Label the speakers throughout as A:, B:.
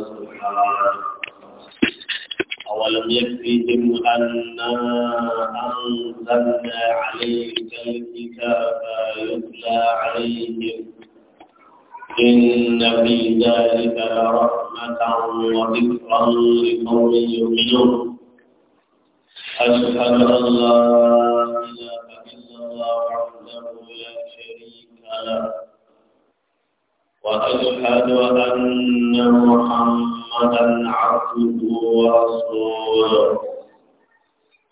A: والسبحان أولم يكفيهم أنا أنزلنا عليك الكتاب يتلى عليهم إن في ذلك لرحمة وذكرا لقوم يؤمنون أشهد أن لا إله إلا الله وحده لا شريك له وأشهد أن محمدا عبده ورسوله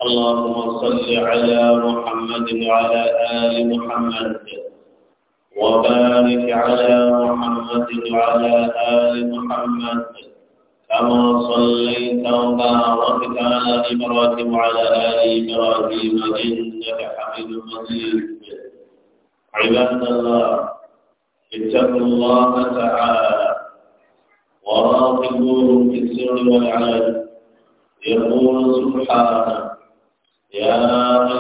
A: اللهم صل على محمد وعلى آل محمد وبارك على محمد وعلى آل محمد كما صليت وباركت على إبراهيم وعلى آل إبراهيم إنك حميد مجيد عباد الله اتقوا الله تعالى وراقبوه في السر والعلن يقول سبحانه يا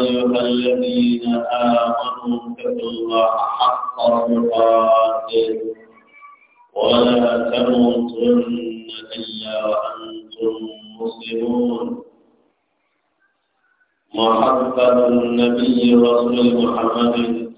A: أيها الذين آمنوا اتقوا الله حق تقاته ولا تموتن إلا وأنتم مسلمون محبة النبي رسول محمد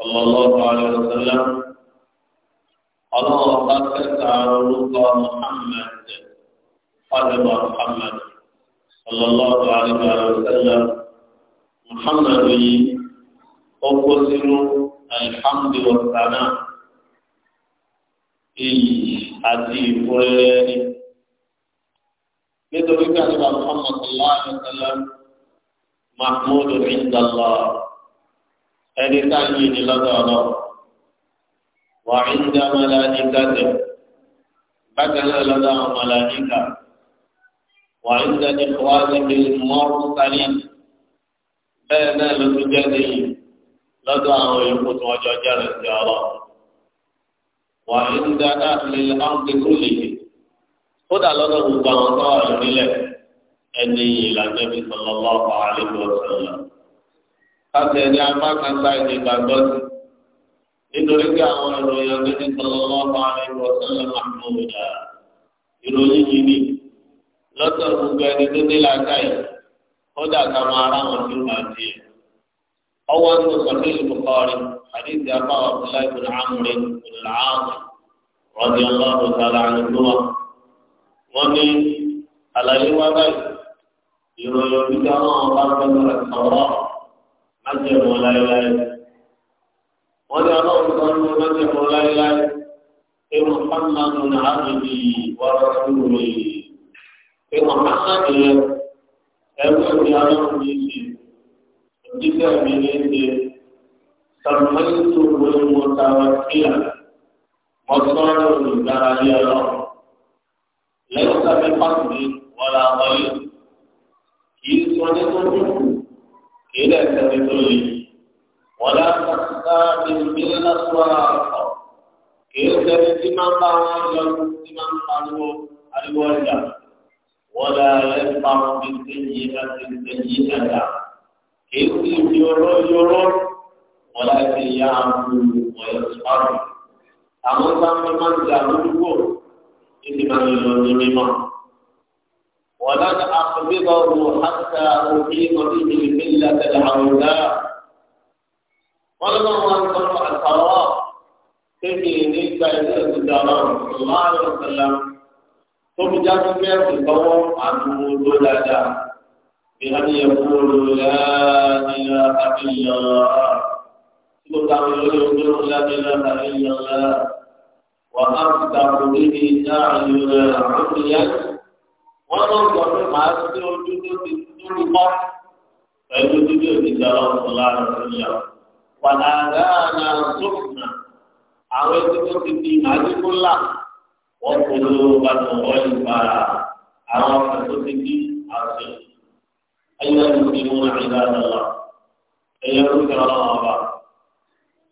A: sallallahu alaihi wasallam ọlọ́run bá kẹta orúkọ muhammad fàdébà muhammad sallallahu alaihi wasallam yìí ó kó sínú alihamdulilayi èyí àti ìfúrẹ́rẹ́ nítorí pé àti bàbá muhammad ẹni tá a yí ni lọ́dọ̀ ọ̀lọ́ wà á ń dá mọ́láníkà tẹ̀ bákan náà lọ́dọ̀ àwọn mọ́láníkà wà á ń dá ní kọ́wáṣí bí mọ́rú sálí bẹ́ẹ̀ náà ló tún jẹ́ nìyí lọ́dọ̀ àwọn yòókù tí wọ́n jọ sí ọlọ́ wà á ń dá láàrin láǹkì kúlì kódà lọ́dọ̀ gbogbo àwọn tó wà lórílẹ̀ ẹni ìlànà ìbísọ̀ lọ́wọ́ àlejò ọ̀sán náà káṣẹ ní amákàtà ìdè gbàgbọ́ sí nítorí pé àwọn ìròyìn ọ̀gbẹ́ni sọlọ́wọ́ máa ń lọ sílẹ̀ màmúdà ìròyìn yìí ni lọ́tọ̀ gbogbo ẹni tó ní làákàyè kódà ká máa rá wọn tó máa di ẹ̀. ọwọ́ ní sọ̀rọ̀ ìbùkọ́rí àdìsí apá ọ̀bùnlá ìbùn àmúrin ìlà àmì rọ́bì ọlọ́run sára àdúgbò wọn ní àlàyé wá báyìí ìròyìn òbí dáná ọba gbẹdọ̀ rẹ̀ sọ̀rọ̀ láti ẹ̀mọ́ láéláé. wọ́n ní ọlọ́run kan ló láti ẹ̀mọ́ láéláé. pé muhammadu ní àbẹ̀bí wàrà sùúrù rẹ̀. pé muhammadu yẹn ẹ̀rọ ìdí ọlọ́run ní ṣe. òjíṣẹ́ mi ní ṣe. sàmúlẹ́tò wọ́n mọ̀ tàwa kíá. mo sọ́ọ́ olùdarayé ọlọ́run. lẹ́yìn sábẹ́ pàtó wọ́n la wọlé. kì í sọ ní tó dùn kéde ẹsẹ̀ni tó le wọ́n lé àtàkùnká ìdílé náà tó ara ọ̀ kéde ẹsẹ̀ni tí máa ń bá wọn yọ tí máa ń pariwo ariwo ọjà wọ́n lé ayé pa wọn bí sẹ́yìn ولن أقبضه حتى أقيم به الملة العولاء ولما أنصر القرار تجي نيكا إلى الدارة صلى الله عليه وسلم ثم جاءت كيف القوم عنه دولادا بأن يقولوا لا إله إلا الله ثم تعالوا يقولوا لا إله إلا الله وأصدق به أعيننا عميا wọ́n ló ń gbọ́ pé màá sí ojú tó ti dúró mọ́ pẹ̀lú dídí òdìjà ọ̀sán lára ìyá wàdàgà náà sókùnà àwọn etí tó ti di màdìkúlà wọ́n kò ló bá tó wọ́n ìgbà àwọn ọ̀sán tó ti di àṣẹ. ayé ló ti mú àyíká lọ́la ẹ̀yẹ ló ti rán wọn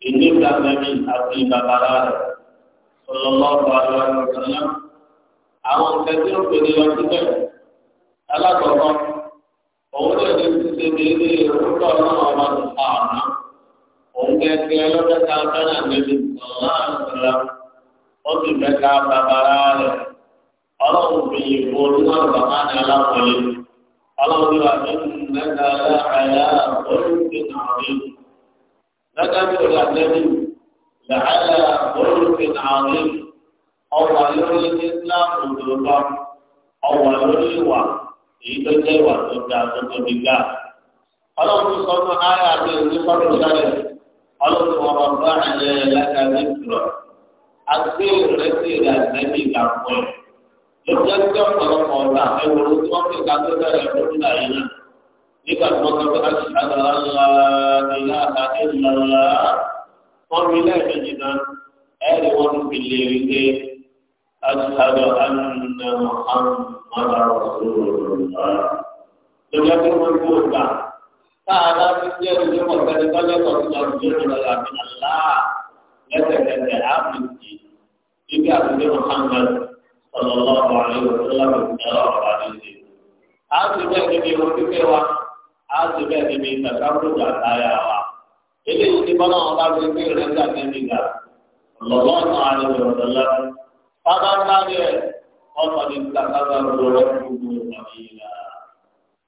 A: ìdí ìgbà àti ìgbà bàbá rẹ̀ sọlọ́lọ́ bàbá àwọn nǹkan tí ó pèlè lọ síbẹ̀ alákọ̀ọ́kọ́ òun náà ní ṣíṣe déédé ìrúkọ̀ òun fẹ́ràn níbi ìṣẹ̀lá ó sì mẹ́ta bàbára rẹ̀ ọlọ́run fi ìbò ní ọlọ́run yóò àti mẹ́ta olùkí nàárí olùkí nàárí. ọwà lórí islam òdòdó ọwà lórí ìwà èyí tó jẹ́ ìwà tó ga tó tóbi ga. ọlọ́run sọ fún ayé àti ìwé fọ́tò sálẹ̀ ọlọ́run ọ̀rọ̀ bá ẹ̀yẹ lákàtí jùlọ. àti ìrẹsì rẹ̀ àtẹ́bí ìgbà pọ̀ ẹ̀. ló jẹ́ kí ọ̀pọ̀lọpọ̀ ọ̀gá ẹ̀wòrán tí wọ́n fi ga tó bẹ̀rẹ̀ lórí ayé náà. nígbà tí wọ́n sọ pé aṣáájú aláàlá ìlà àti ìlàlá wọ́n fi lẹ́ẹ̀mejì náà ẹ̀rì wọn fi lè rí أشهد أن محمدا رسول الله لجاكم مقول بعد تعالى من جل جمع كلمة لتصل جل من الله لتكن عبدك إذا محمد صلى الله عليه وسلم يرى عليه هذا بيت من وكفوا هذا بيت من تكبر على إليه بنا الله بيت من الله عليه وسلم bàbá ńlá rẹ̀ ọmọ ní kàkàrà lọ́wọ́ gbogbo ìlà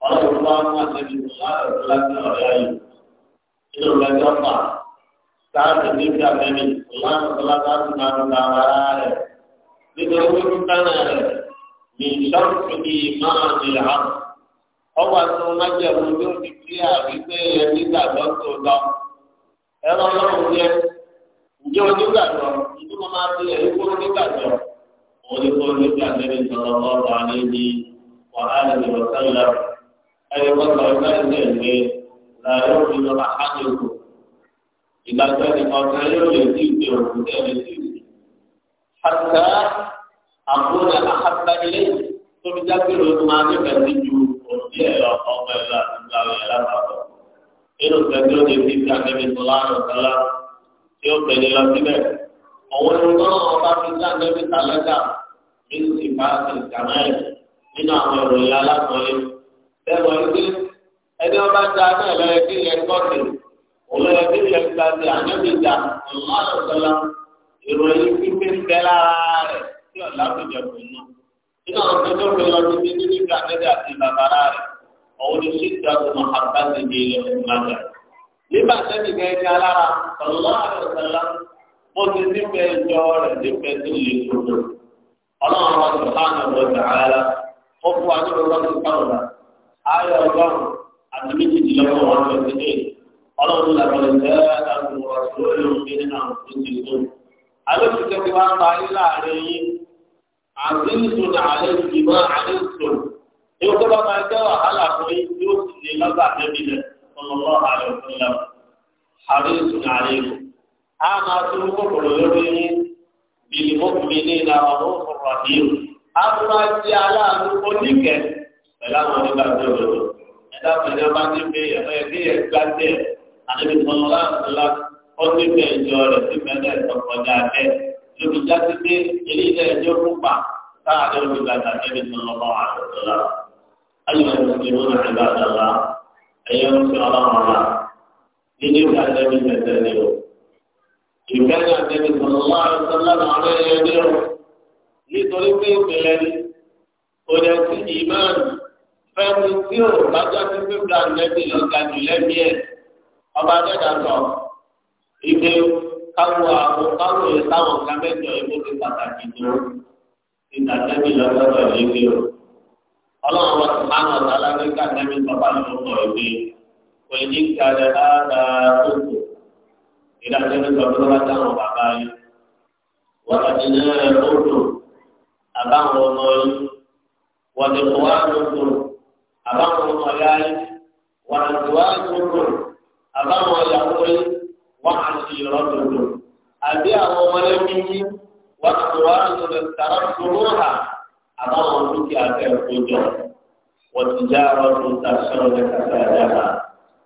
A: ọlọ́run bá ń máa ń ta ولقول النبي صلى الله عليه وآله وسلم أي وصل الناس لا يؤمن أحدكم إذا كان قد يؤمن يؤمن حتى أكون أحب إليه ثم تذكر ما نفسي وفيه قوم الله تعالى يرى إنه تذكر النبي صلى الله عليه وسلم يؤمن إلى سبب أول ما أعطى في النبي صلى الله عليه وسلم bísí báàkì kàmáì nínú àwọn ìròyìn alákọ̀ọ́lẹ̀. bẹ́ẹ̀ wọ́n ti ẹni ọba ta náà lọ́yẹ kí ilẹ̀ kọ́ọ̀tì olóyè kí ilẹ̀ gbàgbé ànábìjà ọ̀làdọ̀sọ́lá ìròyìn pípé ń bẹ lára rẹ̀ tí ọ̀là tó jẹ kù nù. nínú àwọn tó tó fi lọ sí ti ní nígbà tẹ́lẹ̀ àti bàbára rẹ̀ ọ̀hún ni ṣíṣà tó mọ àbáṣe ní ilẹ̀ ìgbàgbà. nígbà tẹ́lẹ̀ gẹ́gẹ́ alára ọ̀làdọ̀sọ́lá mo ti nífẹ̀ẹ́ ọlọ́run ha. Ha ló gbà á la ó fún wa ọlọ́run sùpánù la ọlọ́run àti méjìdínlọ́gbọ̀n wọn lọ sí ní ọlọ́run làbọ̀lẹ̀ jẹ́ àgùnwọ̀ lórí omi nínú àwọn oṣù tó. alóòtútù ti wá parí láàrin yín àti nítorí àlẹ́ ìgbìmọ̀ àlẹ́ ha yóò tó bá máa jẹ́ wàhálà fún yín yóò sì lè lọ́gbà débi rẹ̀ ọlọ́lọ́ àlẹ́ òfin lọ. àlẹ́ ìṣòro àlẹ́ ìṣòro á máa tó Ha lórí yín bíi mọ́kùnrin ní àwọn ọ̀rọ̀ àdìyẹ amúnájí aláàánú oníkẹ pẹ̀lú àwọn onígbàgbọ́ òdodo ẹ̀dá pẹ̀lú ọba ní pé ẹ̀fọ́ ẹ̀fí ẹ̀ gbàdé àdébí tọ́lọ́ láńtọ́lá ọdún ìfẹ́ ìjọ rẹ̀ sí mẹ́lẹ̀ tọkọjá bẹ́ẹ̀ lóbi jáde pé ilé ilẹ̀ ẹjọ́ púpà káàdé olùgbàgbà àdébí tọ́lọ́ bá wà lọ́sọ̀lá ayọ̀ ìṣòro náà ti bá dàgbà ẹ̀yẹ́ ń sọ ọlọ́run ọ̀la nínú ìgbà ìgbẹ́jọ́ ìdẹ́bi sọ̀rọ̀ máa ń sọ́lá náà lẹ́yìn ẹgbẹ́ rẹ̀ nítorí pé ìpìlẹ̀ ni òde sí ìmáàmù fẹ́mi tí ò bá jáde pé plan lẹ́bi lọ́ga jù lẹ́bi ẹ̀ ọba dẹ́dà sọ ìgbé káwọ àwọn káwọ yẹn táwọn ká mẹ́jọ ìbò ti pàtàkì tó ìta lẹ́bi lọ́ga jù lẹ́bi o ọlọ́run wọn ti máa ń ọ̀tá lágbèéká lẹ́bi bàbá lọ́kọ̀ ìgbé òyìnbí kárẹ̀ á dáa tó kù. إلى حين تبرأ وبعدين وأبناؤكم أباهم وإخوانكم أباهم عيال وأزواجكم أباهم يقول وعشيرتكم أبيهم ولكن وأموال اقترفتموها أباهم بك أتيكم وتجارة تخشون كسادها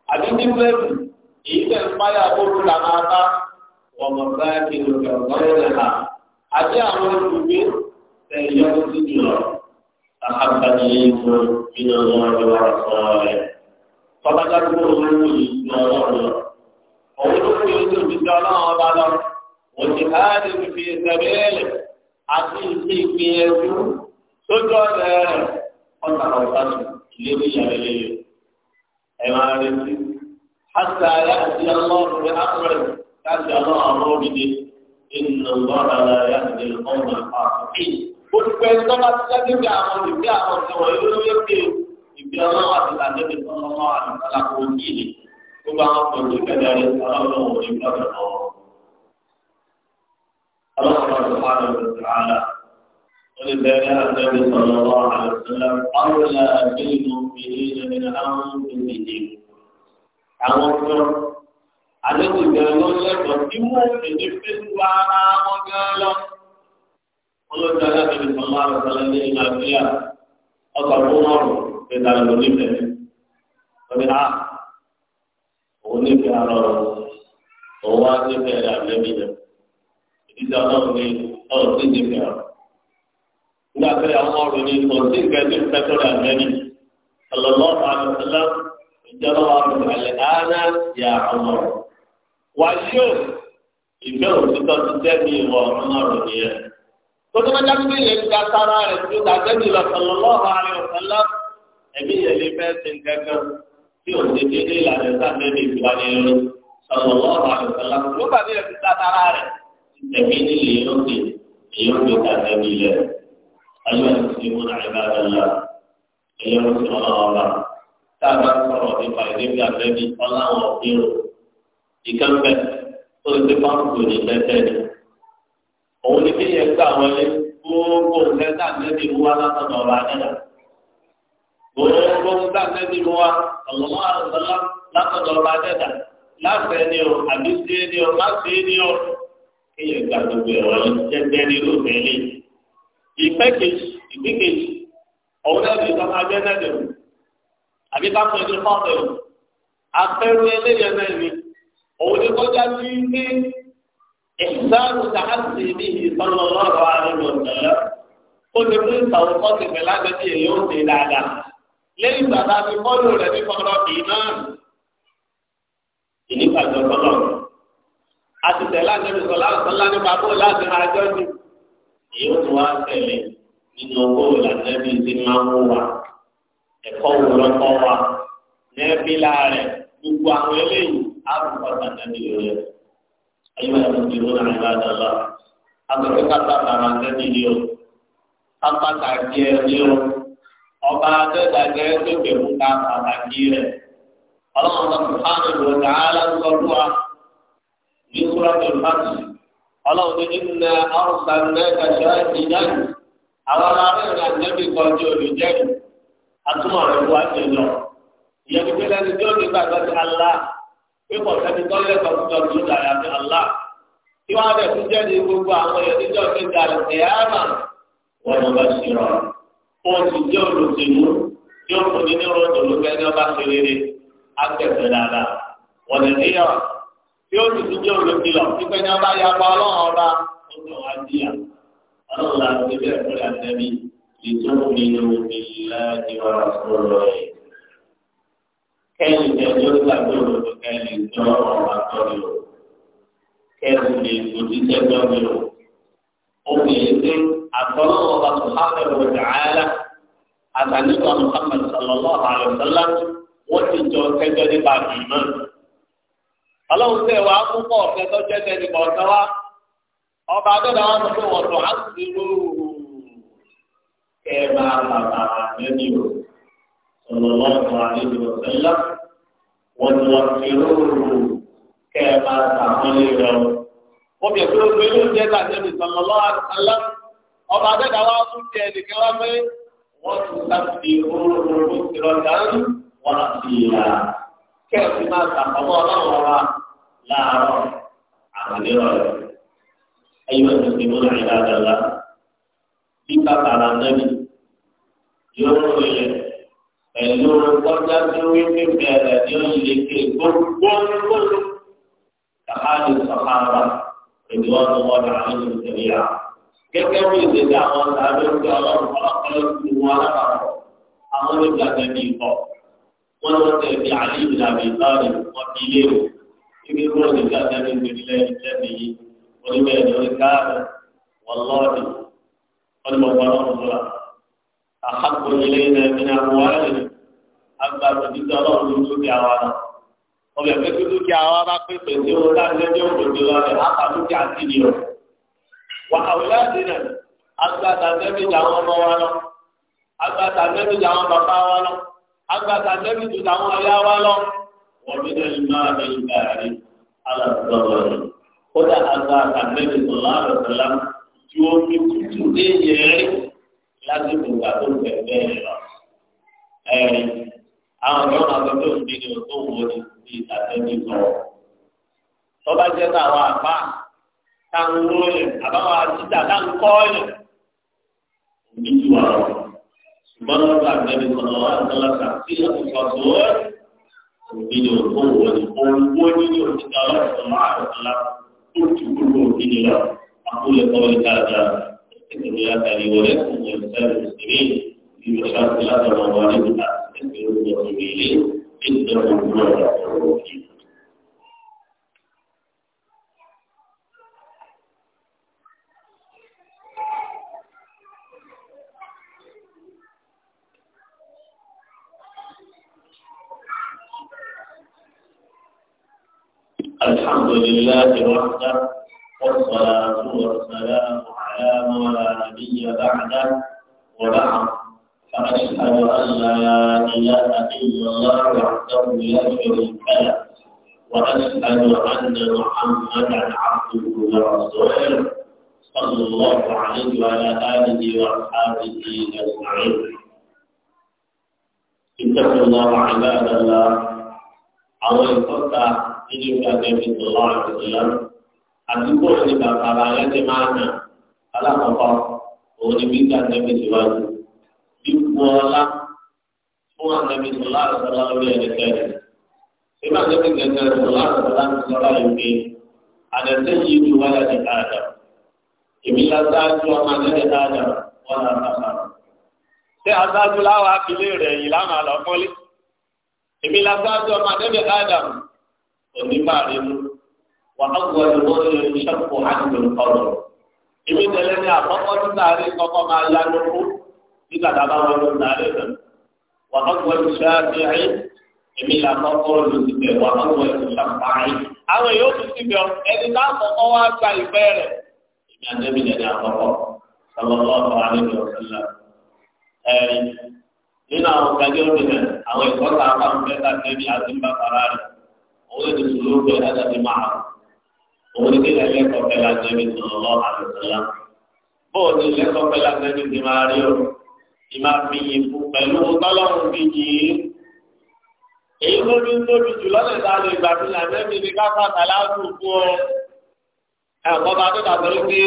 A: أبي èyí tẹ̀ ń páyà bóru lànà bá ọmọ báyà kí ló bẹ̀rù lọ́rẹ́ rẹ̀ hà àti àwọn olùgbé tẹ̀ yọrù sí jùlọ àkàtàkì ìlú iná lọ́wọ́ ìwà ọ̀sán rẹ̀ tọ́lájà tó ń mú ìlú ọlọ́run lọ. òun ló kú yóò tóbi sí ọlọ́run ọba lọ òjì káàdì fífi ìsẹ̀bẹ̀ẹ́lẹ̀ àti ìsì ìpínyẹ̀dú sójú ọ̀rẹ́ rẹ̀ ọ̀tàkọ̀tà ilé ìyàrá ilé yẹn. ẹ máa retí حتى يأتي الله بأمره يأتي الله أمره إن الله لا يهدي القوم الفاسقين olùkọ́ ẹni tó bá ti jáde bí àwọn olùgbé àwọn ìṣòro yìí ló yẹ pé ìgbé ọlọ́wọ́ àti ìlànàbí ọlọ́wọ́ àti ìsàlàkó yìí ni gbogbo àwọn kan tó kẹlẹ́ rẹ̀ ọlọ́wọ́ òní gbọ́dọ̀ lọ́wọ́. ọlọ́wọ́ bá tó fáwọn ọ̀rọ̀ sàálà wọ́n lè bẹ̀rẹ̀ àtẹ̀wé sọ̀rọ̀ ọ̀rọ̀ àlùsílẹ̀ ọ̀rọ̀ àwọn ọjọ́ àdéhùn ìbẹ̀rẹ̀ ló ń lẹ́tọ̀ọ́ tí wọ́n ti ní fẹ́ẹ́ wá ara wọn gan lọ. wọ́n ló dáná bíbí sọ́mọ́ àrùsọ̀lá ní nàìjíríà ọkọ̀ tó wọ́n rò pé dáná ló ní bẹ̀rẹ̀. lórí òun ní fi ara rọ̀ òun wá ní bẹ̀rẹ̀ àbẹ́bí rẹ̀. ìdíje ọlọ́run ní ọ̀rọ̀ sí ní bẹ̀rẹ̀. nígbà pé àwọn ọ̀rọ̀ ní kò sí ìgbẹ́ ìjọba wa ló ń rẹ̀ áná ya ọmọ rẹ̀. Wàṣíù ìfẹ́ òtítọ́ ti dẹ́bi ìwọ ọmọ rẹ̀ nìyẹn. Tótó bá dákú ilé ga sára rẹ̀ tó ga dẹ́bi ìlọ̀sọ̀lọ̀ lọ́wọ́ àrẹ ọ̀sánlá. Ẹ̀mí yẹn lè fẹ́ ṣe kankan tí ò ti dé ní ìlànà sáfẹ́ni ìgbàlélórí sọ̀rọ̀ lọ́wọ́ àrẹ ọ̀sánlá. Lókà bí ẹ̀sìn sára rẹ̀ ẹ̀mí ní ìyókè ìyókè ta dẹ́bi ilẹ̀. Ayọ̀ ẹ̀sìn mú tá a bá sọ̀rọ̀ nípa ìdíbi àbẹ́bí ọláwọ̀ ìrò ìkẹ́fẹ́ tó ti pàǹkù ní lẹ́tẹ̀ ni. òun ni bí yẹn gbà wọlé gbogbo nǹkan tá a wá látọ̀dọ̀ nílẹ̀. gbogbo nǹkan tá a lẹ́bi wá ọ̀lọ́wọ́ àlùfọ́lá látọ̀dọ̀ ọba dẹ́dà láfẹ́ ni o àbí sí ni o má sí o. kí yẹn gbà gbogbo ẹ̀rọ jẹ́jẹ́ ní irú ìfẹ́ kejì àbí ká sọ ìdí fọ́ọ̀tù ẹ̀wò akẹ́rù eléyẹ náà ni òun ni kọjá sí ní ìsáàlù sàásì ní ìsọ̀nà ọlọ́rọ̀ àríwọ̀ ìṣẹ̀lẹ̀ ó ti fún ìtàwọn fọ́ọ̀tù pẹ̀lú àgbẹ̀tì èyí ó ti dáadáa lẹ́yìn ìgbà tá a fi kọ́lù rẹ̀ ní kọ́kọ́rọ́ kì náà ìnígbàgbọ́ tọ́lọ̀ àti tẹ̀lé àjẹmí sọlá sọlá nípa bó láti ra ẹjọ́ ni èyí ó ti wá tẹ̀lé nínú owó ìlànà ẹbí ti máa ń wà ẹ̀kọ́ wò lọ́kọ́ wa nẹ́ẹ̀bílà rẹ̀ gbogbo àwọn eléyìí àbùkọ́ sàkàndì lórí ẹ̀. ayélujára ẹ̀rọ ti rún àwọn ìbáraẹni lọ. àgbẹ̀fẹ́ kápá bàbá sẹ́ni ni o kápá kàkí ẹ ni o ọba adẹ́dàgẹ́ tó gbẹ̀mú ká pàtàkì rẹ̀. ọlọ́run tó fún hàn ló dá aláǹsọ̀ fún wa ní kúrọ́ tó fà sí. ọlọ́run tó ní nà ọ̀sán náà kàṣọ́ ẹ̀ ti dáhùn. àwọn ará rẹ̀ àtúmọ̀ rẹ̀ wá sí lọ. ìyẹn ti pé lẹ́nu tí ó ti gbàgbọ́ sí Allah pé kò sẹ́ni tó lẹ́kọ̀ọ́ sí lọ sí ìdàrẹ́ àti Allah. tí wọ́n á bẹ̀ tún jẹ́ ní gbogbo àwọn èèyàn níjọ́ ti dà lẹ́yàmà wọ́n lọ bá sí rọ̀. wọ́n ti jẹ́ olùsèlú yóò fún ní ní rọ́ọ̀dù olùfẹ́ ní ọba ṣe rere agbẹ̀fẹ̀ dáadáa. wọ́n lè ní yọ̀ tí ó ti tún jẹ́ olùkìlọ̀ pípẹ́ ní ọba yà ọlọ́run ọba ó لتؤمنوا بالله ورسوله كيف تجوز دور كيف تجوز دور كيف تجوز دور أمي أقول الله سبحانه وتعالى àtàlùkọ Muhammad sallallahu alayhi wa sallam wọn ti jọ kẹjọ nípa ìmọ̀ Ọlọ́run tẹ wàá púpọ̀ kẹtọ jẹjẹ nípa ọ̀tọ̀ wa ọba adọdọ àwọn ọmọ tó wọn tó á sì lóru kẹ́ẹ̀bá bàbá àgbẹ̀bí o sọlọ́lá ọ̀sán àdéhùn ọ̀sẹ́lá wọ́n ti wọ́n fi rúurú kẹ́ẹ̀bá sàmúlẹ̀ rẹ̀ o. ó bẹ̀ pé omi ló ń jẹ́ tàbí sọlọ́lá ọ̀sán ọba àgbẹ̀dá wa tún jẹ́ ẹnìkan wá pé wọ́n ti sáfi rúurú ó ti kíkà tààrà nàbì yóò rọlẹ̀ pẹ̀lú kọjá tí ó wípé bẹ̀rẹ̀ ní oṣìlẹ̀kẹ̀ gbogbogbò kàmáàlì sọ̀hánà pẹ̀lú ọdún ọdún àwọn ìṣẹ̀lẹ̀ gẹ́gẹ́ bí ìṣẹ̀lẹ̀ àwọn sàbẹ̀ ń gbé ọlọ́run ọlọ́pàá ti wọn alábàárọ̀ àwọn onígbàgbẹ́ ní ìkọ̀ wọn lọ tẹ̀ bí àlè ìlànà ìbáraẹ̀ wọn fi lé o ibi kúrò nígbàgbẹ́ ní ìgbèrílẹ̀ ìṣẹ̀lẹ̀ yìí onígbẹ̀rẹ̀ orí káàdì wọ́n lọ́ọ̀dì والمبارك الصلاة أحب إلينا من أموالنا أما تجدر من دون أعوانا ọbẹ̀ pé kí dúkìá wa bá pé pèsè owó láti ẹjọ́ òkòtò lọ rẹ̀ á ìgbà rẹ̀ alàtúntò rẹ̀ kódà agbata nẹ́bìjà àwọn ọ̀sán lánàá ju omi tútù léyìn ẹrí lásìkò ìgbà tó ń bẹ̀rẹ̀ bẹ́ẹ̀ lọ. ẹ̀rí àwọn ọ̀dọ́ máa fi tó ń bí ní ọ̀tọ̀ wo ni bí ìtàtẹ́jú sọ. tọ́ba jẹ́ táwọn àbá táwọn wọ́ọ̀lẹ̀ àbáwọn àtijọ́ táwọn kọ́ọ̀lẹ̀ òbí ju àwọn. ṣùgbọ́n wọn bá bẹ̀rẹ̀ sọ̀rọ̀ wọn àtọ́lá sàkí ọ̀sọ̀ tó wọ́ọ̀lẹ̀ òbí ní ọ̀tọ̀ wo ni òun wọ́ọ̀lẹ̀ ní òtítọ́ ọlọ́run أقول قولي هذا أستغفر الله لي ولكم ولسائر المسلمين في مشاكل هذا وموالدها أستغفر الله إليه الحمد لله وحده والصلاة والسلام على مولى نبي بعد وبعد فأشهد أن لا إله إلا الله وحده لا شريك له وأشهد أن محمدا عبده ورسوله صلى الله عليه وعلى آله وأصحابه أجمعين اتقوا الله عباد الله أو الفتى إلى النبي صلى الله عليه وسلم àdúgbò ní bàbá rẹ ti máa nà alákọ̀ọ́kọ́ òun ni bíkà nẹ́bí síwájú bíbu ọlá fún ànẹ́bí sọlá àtọ́lá orí ẹ̀ẹ́dẹ́gbẹ̀rẹ̀ nígbà nẹ́bí gẹ̀gẹ̀rẹ̀ sọlá àtọ́lá sọlá yìí àdẹ̀sẹ̀ yìí ju wáyà ní káàdà èmi lásáájú ọmọ àdẹ́rẹ́ káàdà wọn là bàbá ṣé aṣáájú láwọn akílé rẹ̀ yìí lánàá lọ́kọ́lé èmi lásáájú ọmọ àdẹ́rẹ́ káàdà òní máa rí mú. وأول رجل يشق عنه القبر ibi tẹ́lẹ̀ ní àkọ́kọ́ tí sáré kọ́kọ́ máa ya lóko nígbà tá a bá wọlé sáré rẹ nínú àwọn àwọn ìkọ́ta òun ní kíkà lẹ́kọ̀ọ́ pẹ̀lú àgbẹ̀bí sọ̀rọ̀ lọ́wọ́ àlùsọ̀lá. bóò ní lẹ́kọ̀ọ́ pẹ̀lú àgbẹ̀bí ti máa rí o ti máa fi yìn fún pẹ̀lú tọ́lọ́run fi yìn. èyí tó ní tóbi jù lọ́lẹ̀ tá a lè gbà fún àgbẹ̀bí ni ká fà tàlátù fún ọ. ẹ̀kọ́ bá tó dàgbẹ́ wípé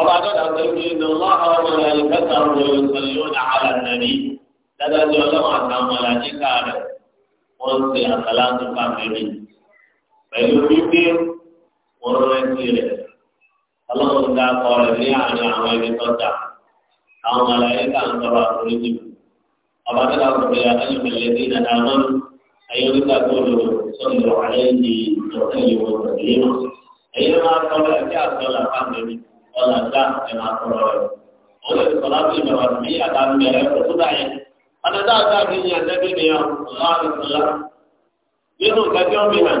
A: ọba tó dàgbẹ́ wípé ìnáwó àwọn ọmọ rẹ̀ kẹta ọmọ rẹ̀ sọ̀rọ̀ pẹ̀lú wípé wọ́n rántí rẹ̀ ọlọ́run dá akọ rẹ̀ ní àárín àwọn ẹni tọ́jà àwọn àlàyé kà ń tọrọ àforíjì ọba tó ká kọ̀ bẹ́ẹ̀ ayọ̀mẹ̀lẹ̀ ní ìdáná náà ayọ̀mẹ̀ká tó lò sọ̀rọ̀ àlẹ́ ní ìtọ́jú ìwọ̀ ìdílé náà èyí ló máa tọrọ ẹ̀ kí àtọ́lá fáwọn ẹni ọ̀là dá ẹ̀ máa tọrọ rẹ̀ wọ́n lè sọ̀rọ̀ àti ìbẹ̀rẹ̀ àti àtàmìlẹ̀ ẹ̀ tó dáyẹ̀ ọ̀nà dáadáa fi yàn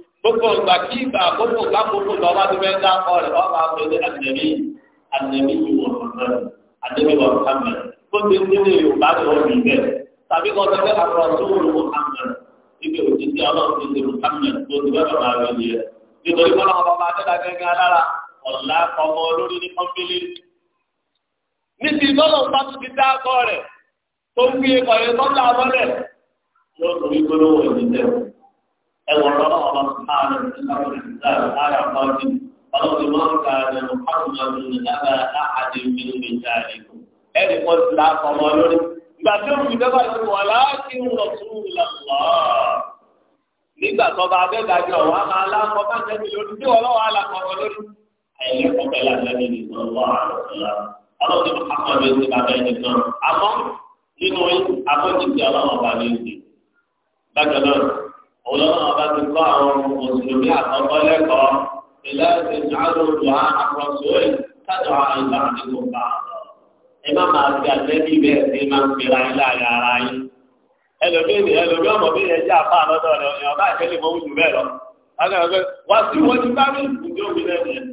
A: gbogbo ìgbà kí ìgbà gbogbo ìgbà gbogbo ìgbà ọba tó fẹ́ dá ọ rẹ̀ ọba tó ní ànẹ́mí ànẹ́mí ìwọ̀ ànẹ́mí wọ̀ hàmẹ́ tó ti ń délé yorùbá tó wọ́n mi bẹ́ẹ̀ tàbí kọ́ sẹ́kẹ́ àrọ̀ tó wọ́n wọ̀ hàmẹ́ ibi òjijì ọlọ́run ti ṣe hàmẹ́ tó ti bẹ́ẹ̀ bàbá rẹ̀ yẹ nítorí kọ́ lọ́wọ́ bàbá adé dàgẹ́gẹ́ alára ọ̀la ọmọ olórí ní pọ́ńpélé níbi ìtọ́lọ̀ pátó ti dá akọ rẹ̀ tó ẹwọ̀n lọ́wọ́ ọmọ sùpáàlù ìlànà ìsìláàmù ara ọ̀dì ọlọ́dún wọn kà ní muhammadu nígbà àhàdì ìbínú ìjà àdìgún ẹnì kan ti là kọ́mọ lórí ìgbà tí òun ìjọba ti wọ̀ láti ń lọ sí ìlànà nígbà tó bá bẹ́ẹ̀ dájọ́ wà á máa lákọ́ bá jẹ́bi lórí tí wọ́n lọ́wọ́ alákọ̀ọ́ lórí ẹ̀yẹ́kọ́ pẹ̀lú àjẹ́bi ọlọ́wọ́ bá لا تجعلوا دعاء الرسول كدعاء بعضكم بعضا
B: ẹ má máa fi àtẹ́bí bẹ́ẹ̀ ṣe máa ń pera yín láàrin ara
A: yín ẹlòmíì ẹlòmíì ọmọ mi yẹn jẹ́ àpá àlọ́dọ̀ rẹ ọ̀yàn ọba ìfẹ́ lè mọ ojú bẹ́ẹ̀ lọ. wọ́n sọ pé wá sí wọn ní bá mi ìdí òbí náà yẹn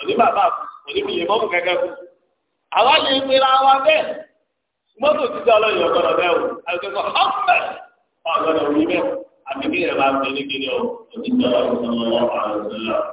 A: òní bàbá òní mi yẹ mọ́mú kẹ́kẹ́ fún. àwa lè pera wa bẹ́ẹ̀ mọ́tò títí ọlọ́yìn ọ̀gọ́dọ̀ bẹ́ẹ̀ o àgbẹ̀kọ̀ ọ̀gọ́dọ̀ òní bẹ́ẹ̀ àbí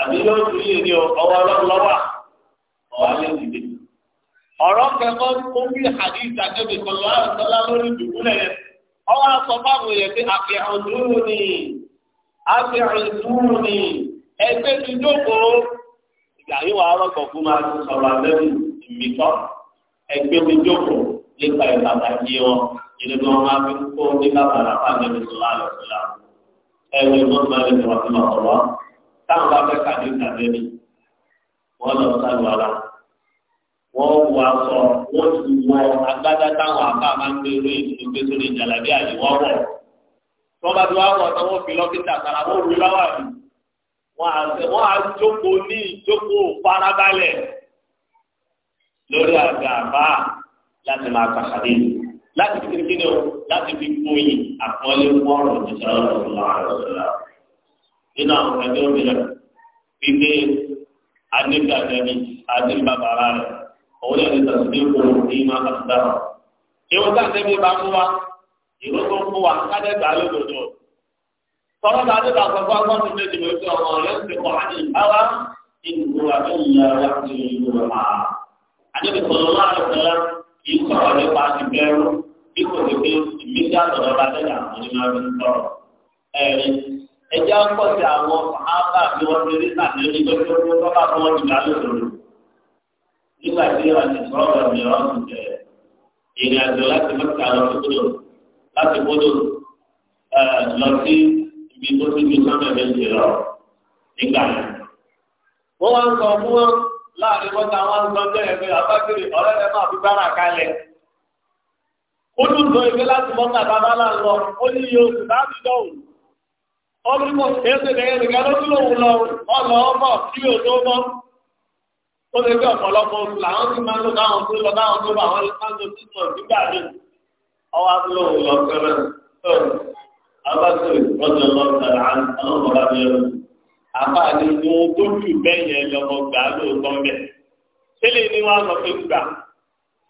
A: àbí yóò tún yìí ní ọwọ́ ọlọ́wà ọ̀wá lè dìde. ọ̀rọ̀ kẹfọ́ ó bí hadith àjẹbí kọlọ́ àtọ́lá lórí ìdùkúlẹ̀ yẹn ọwọ́ aṣọ fáwọn èèyàn pé àfihàn dúró ni àfihàn dúró ni ẹgbẹ́ ti jókòó ìgbà yóò wá rọ́kọ̀ fún máa tún sọ̀rọ̀ àbẹ́rù ìmìtọ́ ẹgbẹ́ ti jókòó nípa ìbàbà yìí wọn ìdí tí wọn máa fi kó nípa bàrà fáwọn ẹgbẹ́ tó lálẹ́ táwọn bá fẹ́ kàdé kàdé ni wọ́n lọ sálù ara wọ́n wọ aṣọ wọ́n ti wọ agbádá táwọn àbá máa ń gbé orí ìdílé gbé sórí ìjàlábí àyè wọ́n wọ̀ wọ́n bá ti wá wọ̀ tán wọ́n fi lọ́kítà sára wọ́n wí lọ́wọ́ àbí wọ́n á jókòó ní ìjókòó farabalẹ̀
B: lórí àgbà àbá
A: láti máa kàkàdé láti fi kékeré o láti fi gbóyin àpọ́nlé fún ọ̀rọ̀ ìṣẹ́ ọ̀rọ̀ ìṣẹ́ ọ̀rọ̀ ìṣẹ́ ọ̀rọ̀. nínú na ẹgbẹ́ òmìnira wípé adébíàdẹ́bí adébíbàbàrà rẹ̀ òun yẹn ọrụ sọ̀rọ̀ sí ní ìmọ̀ rẹ̀. ìwọ bá wa ìwọ tó ń wa sọ̀rọ̀ ọmọ ti kọ́ àdé ìbáwá ìdìbò ẹjẹ akọsí àwọn àbá bí wọn ti rí sàmì onígbẹjọ tó tọ́ka fún wọn jùlọ lòdòdò nígbà tí àti sọ̀rọ̀ mìíràn ti jẹ ìrìn àjò láti mẹ́ta lọ sí kódò láti kódò lọ sí ibi tó ti ju sọmọ ẹgbẹ́ ti lọ nígbà yẹn. wọ́n wá ń sọ fún wọn láàrin wọn ta wọn ń sọ bẹ́ẹ̀ pé abákiri ọ̀rẹ́ rẹ máa fi gbára kalẹ̀ ó dùn tó ìgbé láti mọ́ta ọlọ́mọ ẹ̀ẹ́sẹ̀lẹ̀ ẹ̀rìnká lọ́túnlọ́wọ́ lọ ọ̀nà ọmọ tí ó tó mọ́ ó lè gbé ọ̀pọ̀lọpọ̀ làwọn tí máa ń lọ dáhùn tó lọ dáhùn tó bá wọn máa ń lọ sí mọ̀ nígbà mi ọwọ́ àtúnlọ́wọ́ lọ fẹ́rẹ́ abáṣe ìgbọ́dọ̀ lọ sàrà ọlọ́mọba mi lọ àbáàdé ni wọn tó jù bẹ́ẹ̀ yẹn lọ́mọ gbà lóòótọ́ mẹ́ tẹ́lẹ̀ ni wọ́n á lọ fẹ́ gbà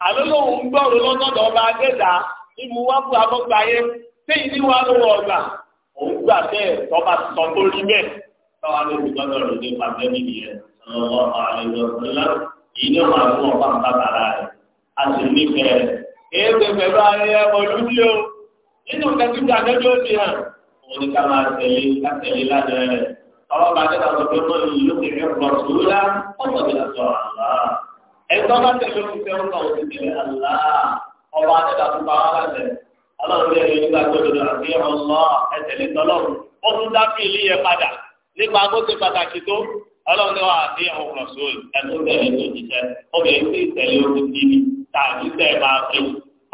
A: àlọ́lọ́wọ́ ń gbọ́rọ̀ lọ́tọ̀dọ̀ ọba gbà bẹ́ẹ̀ tọ́ba sọ tó rí bẹ́ẹ̀ táwa ló ti gbọ́dọ̀ rẹ̀ ní pàtẹ́lì nìyẹn ọlọ́wọ́ àlejò ńlá èyí ni wọ́n mú ọ̀pá ń bàbá rà rẹ̀ a sì ní bẹ́ẹ̀ èyí ti pẹ̀lú ayẹyẹ mọ̀lúdí o nínú kẹ́kíkà lọ́jọ́ òbí hàn òun ni ká máa tẹ̀lé ká tẹ̀lé lánàá rẹ̀ ọlọ́ba tẹ́lá sọ pé mọ́ ìlú ló kẹ̀kẹ́ pọ̀ tó ọlọ́run bí ẹni nígbà tó lòdì àti ọlọ́ ẹsẹ̀lẹ̀ tọ́lọ́run ó tún dá fìlì yẹn padà nípa bó ṣe pàtàkì tó ọlọ́run náà àti ọkùnrin sóòlù ẹ̀tún bẹ̀rẹ̀ tó jíṣẹ́ obìnrin sí ìtẹ̀lé ogun tìbí tàbí tẹ̀ máa pè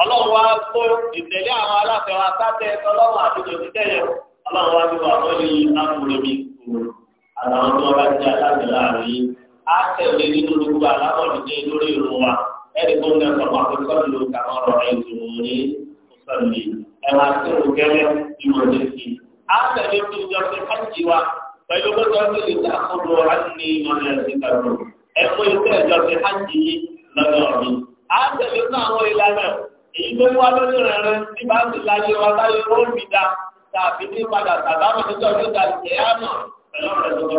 A: ọlọ́run wá kó ìtẹ̀lé àwọn aláfẹ́ wa sábẹ́ tọ́lọ́run àti lòdìṣẹ́ yẹn ọlọ́run wá nípa lórí amúlòmí ìkòrò àtàwọn tó bá jẹ́ aláfẹ́ láàrin á tẹ̀lé nínú gbogbo alábọ̀dé lórí ìrù wa ẹ̀rí tó ń sọ̀rọ̀ ẹ máa tó o gẹ́gẹ́ bí mo lè fi. a tẹ̀lé tó jọ pé ká jì wá pẹ̀lú bó jọ pé ìta àkókò àti ìmọ̀lẹ̀ ti kàrò ẹ kó iṣẹ́ ìjọ pé ká jì yí lọ́dọ̀ mi. a tẹ̀lé tó àwọn ìlànà èyí tó wá lórí rẹ̀ rẹ̀ nígbà tí láyé wa láyé ó rí da tàbí ní padà tàbámọ̀ níjọ́ tó ga ìṣẹ́ àmọ̀ pẹ̀lú ọ̀rẹ́ tó kọ́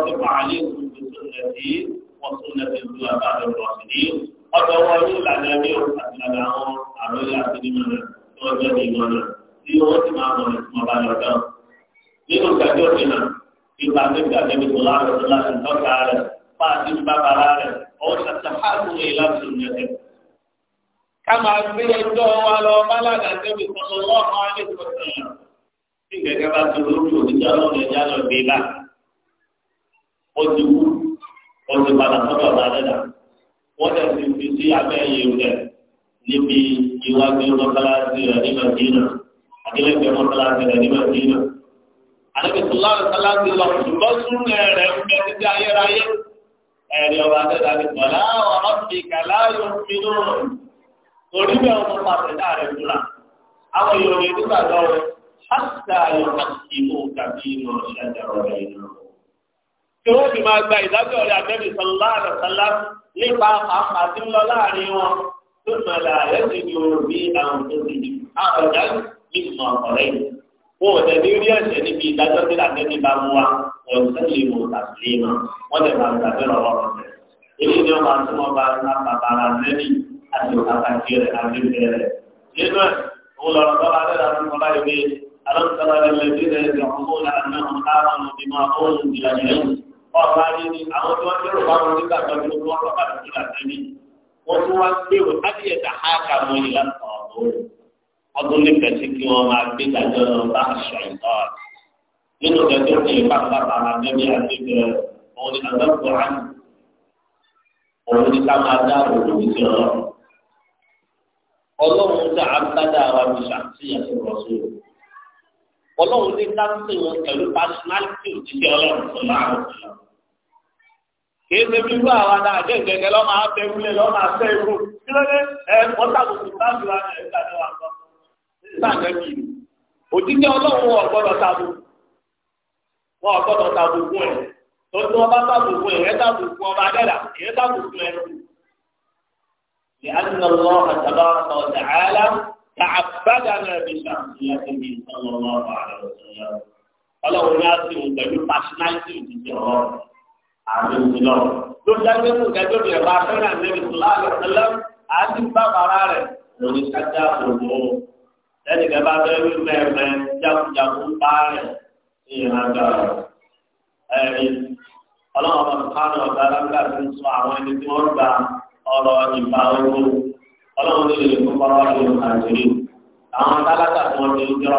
A: wọn yóò lànà ní ọ̀sán àti lànà àwọn àròyé àti nínú rẹ̀ ọjọ́ ti mọ̀ náà tí owó ti máa mọ̀ nípa ọba ní ọjọ́. Nínú ìgbàjọ́ ti nà, ìgbà tó gbà débi tó láàrọ̀ tó láti dọ́ta rẹ̀, fáàtì bàbára rẹ̀, ọ̀hún ṣàtàkùn ní ìlànà ìrìnàjò. Ká máa gbé ẹjọ́ wa lọ bálàdà débi tó lọ lọ́kàn á ní ìtọ́sọ̀rọ̀. Tí gẹ́gẹ́ bá ti lórí òdìjà lọ́rùn ẹja lọ bá. ti wú, iwájú mọ́sálásí rẹ̀ ní Madina àdílẹ́gbẹ̀ mọ́sálásí rẹ̀ ní Madina. àdébìtì láti sálásí lọ ṣùgbọ́n sún rẹ̀ ń bẹ títí ayérayé ẹ̀rí ọba àtẹ́ta ní bọ̀lá ọ̀rọ̀ ti kàlá yóò fi lóòrùn torí bẹ́ẹ̀ ọmọ pàṣẹ náà rẹ̀ fúnra àwọn Yorùbá nígbà lọ́wọ́ hásà yóò hàkì mú kàbí mọ̀ ṣàjàrọ̀ rẹ̀ náà. tí wọ́n fi máa gba ìdájọ́ rẹ̀ àtẹ́bìtì sọ̀rọ̀ láàrẹ̀ sálá nípa pàápàá tí ń láàrin wọn ثم لا يجدوا في أنفسهم أبدا مما قضيت wọn ò tẹ̀lé orí ẹ̀sẹ̀ níbi ìdájọ́ tí làtẹ́bí bá mú wa wọn sẹ́lẹ̀ mọ̀ tàbílẹ̀ mọ̀ wọ́n lè máa gbàgbé lọ́wọ́ ọ̀sẹ̀. èyí ni wọn máa tún wọn bá ńlá bàbá ara lẹ́ni àti pàtàkì rẹ̀ àbíkẹ́ rẹ̀. nínú ẹ̀ òun lọ́rọ̀ tọ́lá lẹ́la fún ọlá ìwé alọ́sọ̀rọ̀ lẹ́lẹ́dí rẹ̀ ìgbàmọ́mọ́ láàrin náà láwọn ọmọdé máa ó ń jìyà wọ́n tún wá gbèrò ádìyẹ tà á kà mọ́ ìlà ọ̀rọ̀ ọdún nífẹ̀ẹ́ sí kí wọ́n máa gbé dájọ́ lọ bá aṣọ ìtọ́ nínú ìdájọ́ ní ìpàpà bàbá mẹ́bí àgbègbè òun ni àgbàgbọ́ àná òun ni ká máa dá òòlù sí ọlọ́run ọlọ́run dá wa bí ṣàtìyàn sí rọ̀ṣù ọlọ́run ní ká wọn pẹ̀lú pásínálítì kìí ṣe bí wọ́n àwọn náà àjẹ́ ìjẹ́jẹ́ lọ́ máa tẹ wúlé lọ́ máa tẹ ewu kí ló dé ẹ pọ́tàkùnkù sáàbù wa ẹ̀ ṣàdé wa sọ sáàbù ẹ̀mí òtítẹ́ ọlọ́run wọn ọ̀gbọ́dọ̀ wọn fún fún fún ọba fún ní bí àmì ìlọ. ló dájú fún ìdájọ́ rẹ̀ bá fẹ́rẹ̀ àmì ìlọ àgbẹ̀tẹ́lẹ́ àti bá bàrà rẹ̀ lórí kájà òmò. lẹ́nu ìgbà bá fẹ́ wí mẹ́ẹ̀mẹ́ jákujáku bá rẹ̀ ní ìrànlọ́. ẹ̀rí ọlọ́run ọmọ sùpánù ọ̀gá lágbà ti ń sọ àwọn ẹni tí wọ́n gba ọ̀rọ̀ ìgbà owó ọlọ́run ní ìlú kọ́kọ́rọ́ ìlú nàìjíríà àwọn tálákà tí wọ́n ti ń jọ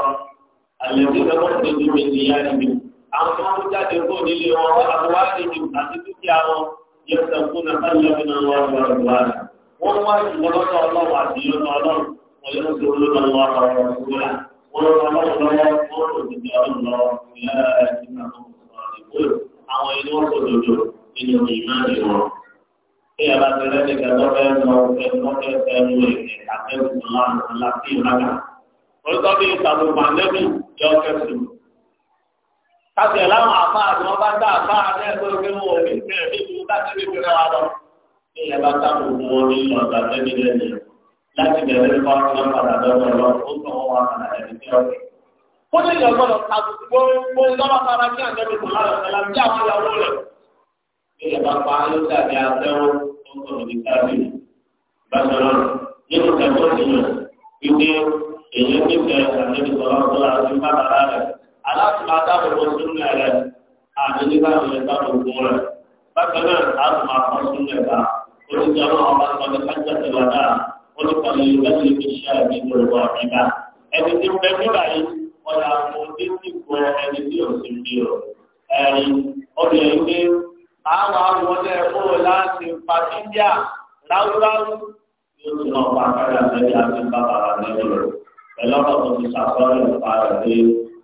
A: àwọn tó ń jáde kó nílé wọn àwọn wá sí ju àti dúkìá wọn yóò sọ fún nàfà lọ́wọ́ náà wọ́n wọ́n wọ́n wọ́n wọ́n wá sí lọ́dọ̀ ọlọ́wọ́ àti lọ́dọ̀ ọlọ́run wọ́n yóò sọ lọ́dọ̀ ọlọ́wọ́ àwọn ọ̀rọ̀ wọn lọ́wọ́ lọ́wọ́ wọn lò ní ọdún lọ́wọ́ ìyá ẹ̀sìn náà àwọn ẹni wọ́n kò dòdò nínú ìmáàlì wọn. bí a bá ti lẹ́nu ìgbàgbọ́ bẹ́ẹ̀ lọ ẹ̀gbọ́n bẹ́ẹ̀ fẹ́ẹ́ lọ ìrìn àtẹ́gùn láàrín láti ìlànà. olùkọ́ bí ìtàkùn pàǹdẹ́mì yọ kẹ́sùn káfí ẹ̀ láwọn àfa àti wọn bá dá àfa àti ẹgbẹ́ òkè wọn ò ní ìfẹ́ mi ìlú láti fi fúnra wa lọ. ilẹ̀ bá sábò mú wọn ní ọ̀dà tẹ́lẹ̀ lẹ́yìn láti bẹ̀rẹ̀ fún ọkùnrin náà padà lọ́dọ̀ lọ ó sọ wọn wá padà ẹ̀mí tí ọ̀sẹ̀. ó ní ìyẹn gbọ́dọ̀ àbùkù gbogbo lọ́wọ́ fara kí àjọyọ̀ kò lára ọ̀sẹ̀ láti àwọn ìyàwó rẹ̀. ilẹ̀ bá pa á aláàtúmọ̀tá bọ̀bọ̀ súnmọ̀ rẹ̀ àti nígbà wọn ẹ̀ka gbogbo rẹ̀ bákan náà àtúmọ̀ àpọ̀ súnmọ̀ ẹ̀ka olùjọ́ náà ọba sọ̀rọ̀ kájà ti wà náà olùkọ́ni ìgbàlódé fi ṣe àbí gbogbo àbíká ẹni tí ń bẹ nígbà yìí ọ̀dà àwọn ọdẹ sì gbọ́ ẹni tí ò sì bí ọ ẹ̀yìn ọdún yìí pé àwọn àwọlé ẹ̀kọ́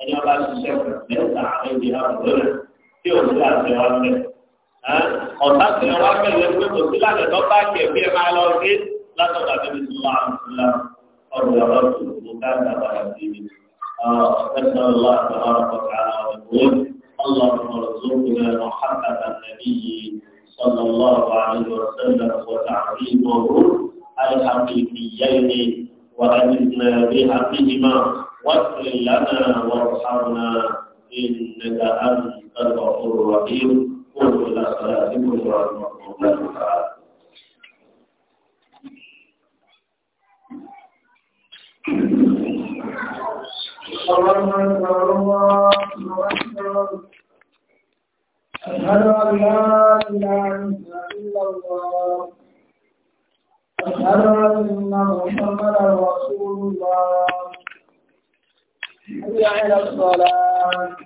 A: ẹni ọba ṣiṣẹ́ mẹ́ta àwọn ìdí àbúrò rẹ̀ tí ò sí àti wọn mẹ́. ọ̀tá sì ni wọ́n fẹ́ lé pé kò sí lánàá tó bá kẹ̀ bí ẹ máa lọ sí látọ̀dọ̀ àbẹ̀bí tó máa ń fi lá ọ̀rọ̀ ọ̀rọ̀ tó kù ká dàbàrà sí i. أسأل الله تبارك وتعالى ويقول اللهم ارزقنا محبة النبي صلى الله عليه وسلم وتعظيمه الحقيقيين وأجزنا بحقهما واغفر لنا وارحمنا إنك أنت الغفور الرحيم قل إلى صلاتكم ورحمكم الله تعالى الله أكبر أشهد أن لا إله إلا الله أشهد أن محمدا رسول الله يا إلى الصلاة